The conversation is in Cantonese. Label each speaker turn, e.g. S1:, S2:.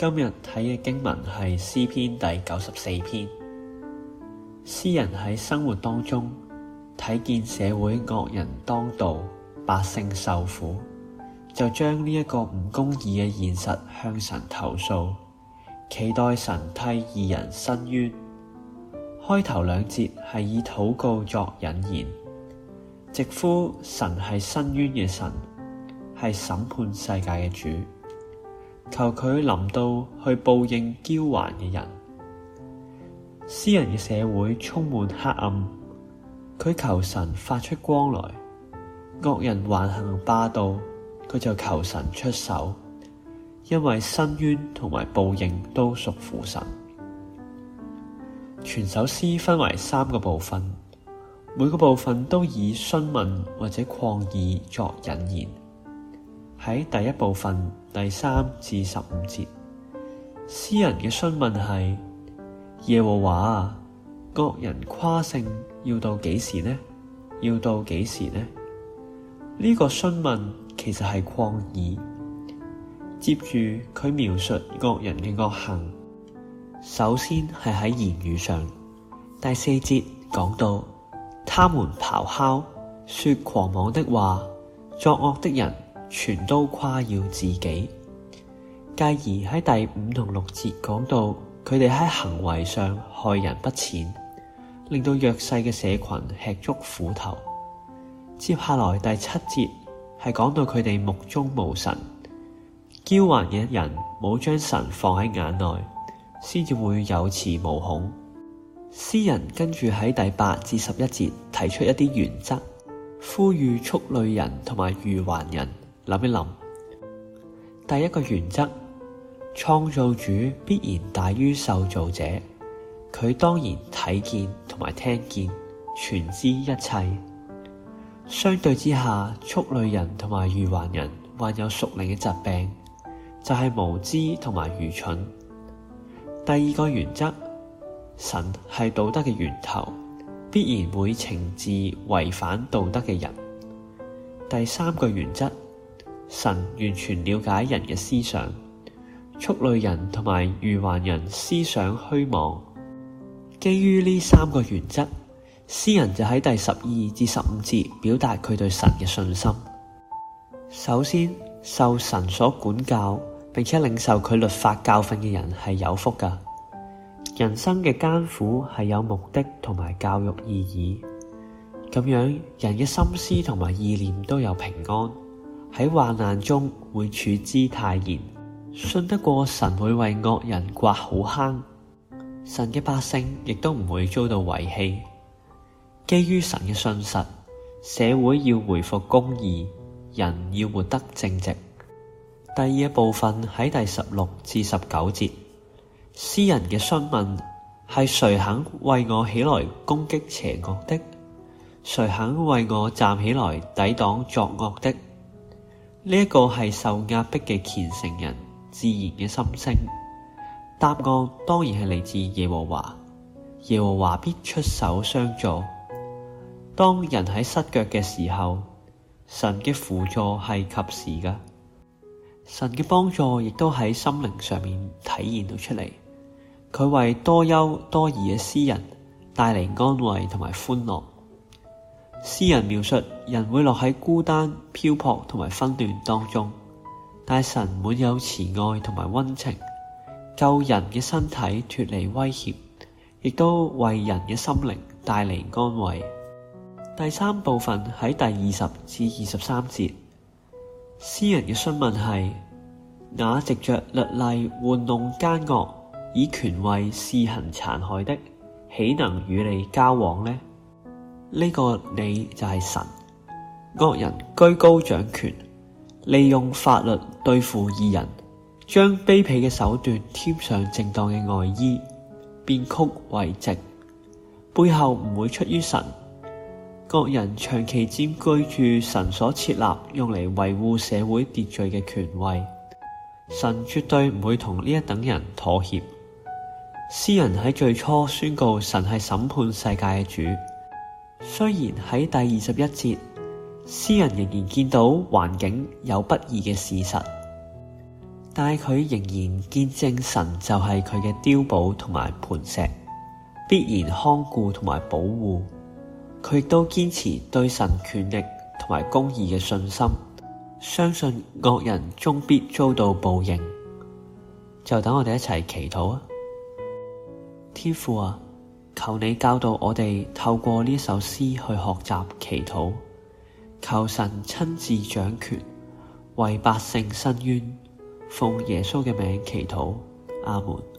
S1: 今日睇嘅經文係詩篇第九十四篇。詩人喺生活當中睇見社會惡人當道，百姓受苦，就將呢一個唔公義嘅現實向神投訴，期待神替義人伸冤。開頭兩節係以禱告作引言，直呼神係伸冤嘅神，係審判世界嘅主。求佢臨到去報應驕橫嘅人，詩人嘅社會充滿黑暗，佢求神發出光來。惡人橫行霸道，佢就求神出手，因為伸冤同埋報應都屬父神。全首詩分為三個部分，每個部分都以詢問或者抗議作引言。喺第一部分。第三至十五節，詩人嘅詢問係：耶和華啊，惡人誇勝要到幾時呢？要到幾時呢？呢、這個詢問其實係抗議。接住佢描述惡人嘅惡行，首先係喺言語上。第四節講到，他們咆哮，說狂妄的話，作惡的人。全都誇耀自己，繼而喺第五同六節講到佢哋喺行為上害人不淺，令到弱勢嘅社群吃足苦頭。接下來第七節係講到佢哋目中無神，驕橫嘅人冇將神放喺眼內，先至會有恃無恐。詩人跟住喺第八至十一節提出一啲原則，呼籲畜類人同埋愚頑人。諗一諗，第一個原則，創造主必然大於受造者，佢當然睇見同埋聽見全知一切。相對之下，畜類人同埋愚昧人患有屬靈嘅疾病，就係無知同埋愚蠢。第二個原則，神係道德嘅源頭，必然會懲治違反道德嘅人。第三個原則。神完全了解人嘅思想，畜類人同埋愚昧人思想虛妄。基於呢三個原則，詩人就喺第十二至十五節表達佢對神嘅信心。首先，受神所管教，並且領受佢律法教訓嘅人係有福㗎。人生嘅艱苦係有目的同埋教育意義，咁樣，人嘅心思同埋意念都有平安。喺患難中會處之泰然，信得過神會為惡人挖好坑。神嘅百姓亦都唔會遭到遺棄。基於神嘅信實，社會要回復公義，人要活得正直。第二嘅部分喺第十六至十九節，詩人嘅詢問係：誰肯為我起來攻擊邪惡的？誰肯為我站起來抵擋作惡的？呢一個係受壓迫嘅虔誠人自然嘅心聲，答案當然係嚟自耶和華，耶和華必出手相助。當人喺失腳嘅時候，神嘅輔助係及時㗎。神嘅幫助亦都喺心靈上面體現到出嚟，佢為多憂多疑嘅詩人帶嚟安慰同埋歡樂。詩人描述人會落喺孤單、漂泊同埋紛亂當中，但神滿有慈愛同埋溫情，救人嘅身體脫離威脅，亦都為人嘅心靈帶嚟安慰。第三部分喺第二十至二十三節，詩人嘅詢問係：那藉着律例玩弄奸惡，以權位肆行殘害的，豈能與你交往呢？呢個你就係神，惡人居高掌權，利用法律對付義人，將卑鄙嘅手段添上正當嘅外衣，變曲為直，背後唔會出於神。惡人長期占據住神所設立用嚟維護社會秩序嘅權位，神絕對唔會同呢一等人妥協。詩人喺最初宣告神係審判世界嘅主。雖然喺第二十一節，詩人仍然見到環境有不易嘅事實，但佢仍然見證神就係佢嘅碉堡同埋磐石，必然看顧同埋保護。佢亦都堅持對神權力同埋公義嘅信心，相信惡人終必遭到報應。就等我哋一齊祈禱啊！天父啊！求你教導我哋透過呢首詩去學習祈禱，求神親自掌權，為百姓伸冤，奉耶穌嘅名祈禱，阿門。